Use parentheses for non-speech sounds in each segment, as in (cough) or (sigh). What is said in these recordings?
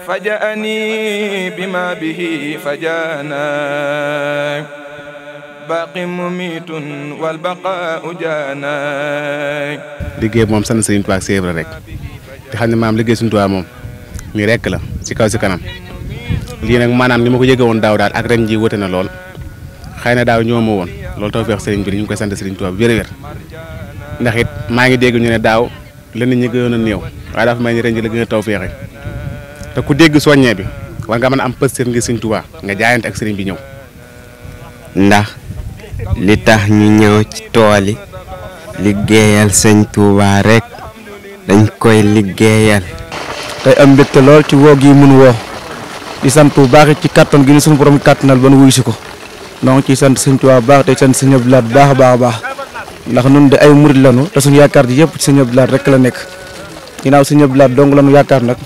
فجأني بما به فجانا باقي مميت والبقاء جانا liggéey moom sant Sëriñ Tuubaa si rek te xam ne maam liggéey Sëriñ moom nii rek la si kaw si kanam lii nag maanaam ni ma ko yëge woon daaw daal ak ren ji wute na lool xëy na daaw ñoo woon loolu tawfeex sëriñ bi ñu ngi koy sant Sëriñ Tuubaa bu wér-wér ndax it maa ngi dégg ñu ne daaw la nit ñi gënoon a néew waaye dafa mel la gën a tawfeexe te ku dégg soññee bi war nga mën a am pëstéef ngir sëñ Tuubaa nga jaayante ak sëriñ bi ñëw. ndax li tax ñu ñëw ci tool yi liggéeyal sëñ Tuubaa rek dañ koy liggéeyal. tey am mbégte lool ci woo gi mun woo di sant bu baax ci kattan gi ni suñu borom kattanal ba nu wuyu si ko donc ci sant sëñ Tuubaa baax tey sant sëñ Abdou Lahad baax a baax baax ndax nun de ay murit lanu te suñu yaakaar ji yëpp ci sëñ Abdou Lahad rek la nekk ginnaaw sëñ Abdou Lahad dong lanu yaakaar nag.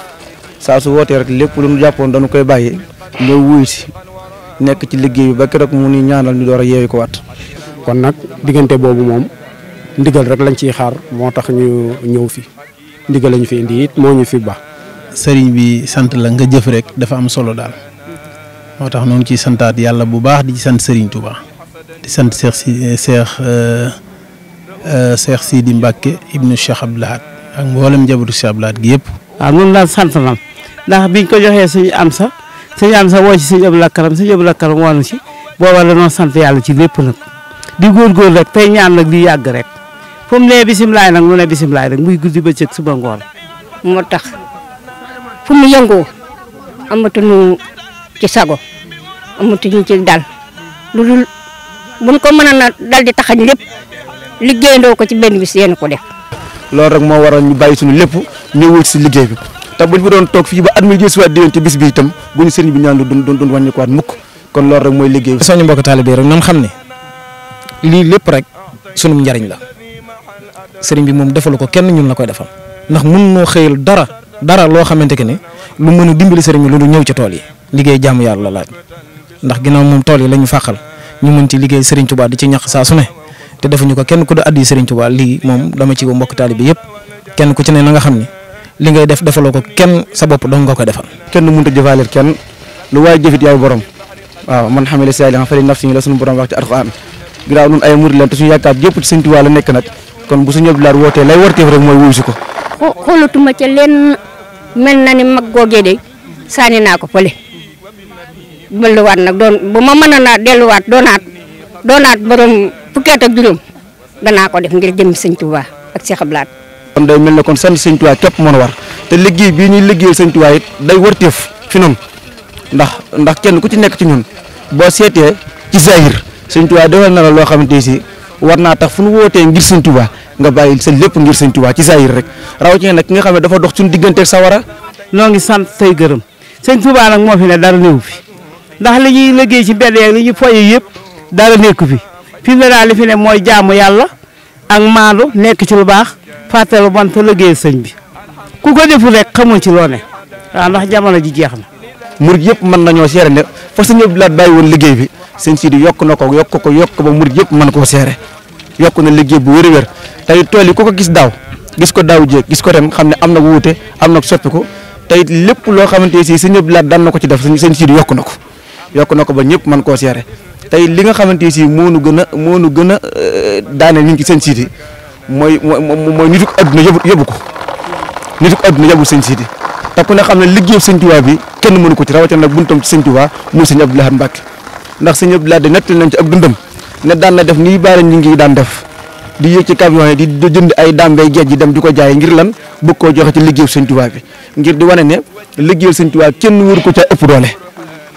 saa su wootee rek lépp lu ñu jàppoon dañu koy bàyyi ñëw wuyu si nekk ci liggéey bi ba keroog mu ni ñaanal ñu door a yeewi ko waat. kon nag diggante boobu moom ndigal rek lañ ciy xaar moo tax ñu ñëw fi ndigal lañ fi indi it moo ñu fi ba. sëriñ bi sant la nga jëf rek dafa am solo daal moo tax noonu ciy santaat yàlla bu baax di ci sant sëriñ Touba di sant seex si eh, seex eh, eh, seex Sidi Mbacke ibnu Cheikh Abdoul Ahad ak mboolem njabatu Cheikh Abdoul Ahad gi yëpp. waaw noonu daal sant nañ ndax biñ ko joxee suñu am sa suñu am sa woo ci suñu ëpp lakkaram suñu ëpp si woon ci booba danoo sant yàlla ci lépp nag di góorgóor rek tey ñaan nag di yàgg rek fu mu nee bisimilaay nag mu ne bisimilaay rek muy guddi bëccëg suba ngoon moo tax fu mu yëngoo amatuñu ci sago amatuñu ci dal lu dul buñ ko mën a na dal di taxañ lépp liggéeyandoo ko ci benn bis yéen ko def loolu rek moo waral ñu bàyyi suñu lépp ñëwul si liggéey bi te buñ fi doon toog fii ba at mi jël si waat déwén ci bis bi itam bu ñu sëriñ bi ñaan doon doon wàññeeku waat mukk kon loolu rek mooy liggéey bi. soñu mbokk taalibe rek ne lii lépp rek sunum njariñ la sëriñ bi moom defalu ko kenn ñun la koy defal ndax mën noo xëyal dara dara loo xamante ne lu mën a dimbali sëriñ bi loolu ñëw ci tool yi liggéey jaamu yàlla laaj ndax ginnaaw moom tool yi la ñu fàqal ñu mën ci liggéey sëriñ Tuubaa di ci ñax saa su ne te defuñu ko kenn ku doon addi Serigne Touba lii moom dama ci woo mbokk taalibe yëpp kenn ku ci ne na nga xam ni li ngay def defaloo ko kenn sa bopp dong nga ko defal. kenn a jëfaalir kenn lu waaye jëfit yaay borom waaw man xam nga si yàlla nag kon bu suñu Abdoulaye na ni mag googee de sànni naa doon bu a borom fukki at ak juróom danaa ko def ngir jëm sëñ Tuubaa ak Cheikh Abdou day mel ne kon sant sëñ Tuubaa képp war te liggéey bii ñuy liggéeyal sëñ Tuubaa it day warteef fi noonu ndax ndax kenn ku ci nekk ci ñun boo seetee ci zahir sëñ Tuubaa defal na la loo xamante si war naa tax fu nu wootee ngir sëñ Tuubaa nga bàyyi sa lépp ngir sëñ Tuubaa ci zahir rek rawatina nag ki nga xam ne dafa dox suñu diggante war a noo ngi sant say gërëm sëñ Tuubaa nag moo fi ne daal néew fi ndax li ñuy liggéey ci mbedd yeeg li yëpp dara nekku fi fii la daal li fi ne mooy jaamu yàlla ak maandu nekk ci lu baax fàtte lu bon te liggéey sëñ bi ku ko deful rek xamoo ci loo ne ndax jamono ji jeex na. murid yëpp mën nañoo seere ne fa sëñ bi la bàyyi woon liggéey bi sëñ Sidi yokk na ko yokk ko yokk ba murid yëpp mën koo seere yokk na liggéey bu wér-wér tey tool yi ku ko gis daaw gis ko daaw jéeg gis ko ren xam ne am na wuute am na soppiku te it lépp loo xamante ne si sëñ bi la daan na ko ci def sëñ Sidi yokk na ko yokk na ko ba ñëpp mën koo seere tey li nga xamante si moo nu gën a moo nu gën a euh, daane ñu ngi seen siiti mooy mooy mooy nituk adduna yóbbu yóbbu ko nituk adduna yóbbu seen siiti te ku ne xam ne liggéey sëñ Tuubaa bi kenn mënu ko ci rawatina nag buntam ci sëñ Tuubaa muy sëñ Abdou Lahad Mbacke ndax sëñ Abdou Lahad da nettali nañ ci ak dundam ne daan na def nii baara ñu ngi daan def di yéeg ci camion yi di jënd ay dàmbay géej ji dem di ko jaay ngir lan bëgg koo joxe ci liggéeyu sëñ Tuubaa bi ngir di wane ne liggéey sëñ Tuubaa kenn wër ko ca ëpp doole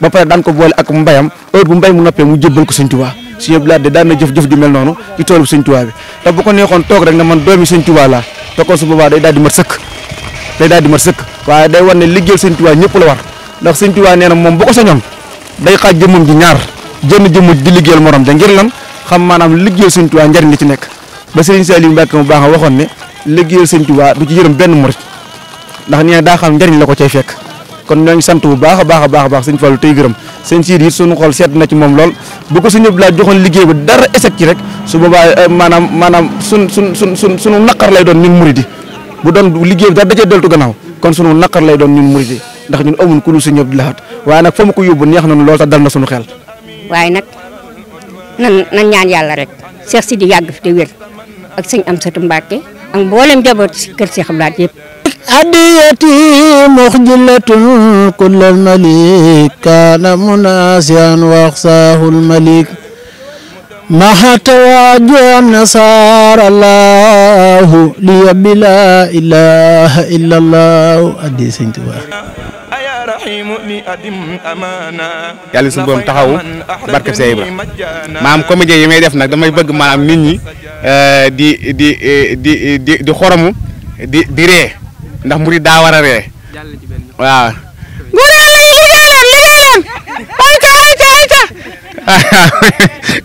ba pare daan ko boole ak mbayam heure bu mbay mu noppee mu jébbal ko sëñ Tuubaa sëñ Abdou Lahad de daan na jëf-jëf ju mel noonu ci toolu sëñ Tuubaa bi te bu ko neexoon toog rek ne man doomi sëñ Tuubaa laa te kon su day daal di mat sëkk waaye day war ne liggéeyal sëñ Tuubaa ñëpp la war ndax sëñ Tuubaa nee na moom bu ko sañoon day xaaj jëmmam ji ñaar jën jëmm di liggéeyal morom ja ngir lan xam maanaam liggéeyal sëñ njariñ li ci nekk ba Sëriñ Saliou Mbacke mu baax a waxoon ne liggéeyal sëñ Tuubaa du ci yërëm benn murit ndax nee daa xam njariñ la ko cay fekk kon ñoo sant bu baax a baax a baax a baax sëñ Fallou tey gërëm sëñ Siidi it suñu xol seet na ci moom lool bu ko suñu laa joxoon liggéey ba dara échec ci rek su boobaa euh, maanaam maanaam suñu naqar lay doon ñun muridi bu doon liggéey bi dara dajee gannaaw kon sunu naqar lay doon ñun muridi ndax ñun amuñ ku lu sëñ Abdou Lahad waaye nag fa mu ko yóbbu neex nañu lool sax dal na suñu xel waaye nag nan nan ñaan yàlla rek Cheikh Sidi yàgg fi di wér ak sëñ Amsatou Mbacke ak mboolem jaboot si kër Cheikh Abdou Lahad adiyati muxjilatun kullal malik kaana munasiyan waxsaahu lmalik maxatawaaju nasaar allahu liya bi laa ilaha illa allahu addi sëñ Tuubaa yàlla suñu borom taxawu barke Sey Ibra maam comédien yi may def nag damay bëgg maanaam nit ñi euh, di di euh, di di di xoromu di ree ndax mbir daa war a ree waaw. (laughs)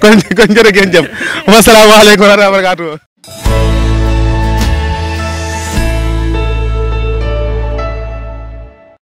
kon kon jërë ngeen jëf wasalaamaaleykum wa rahmatulah.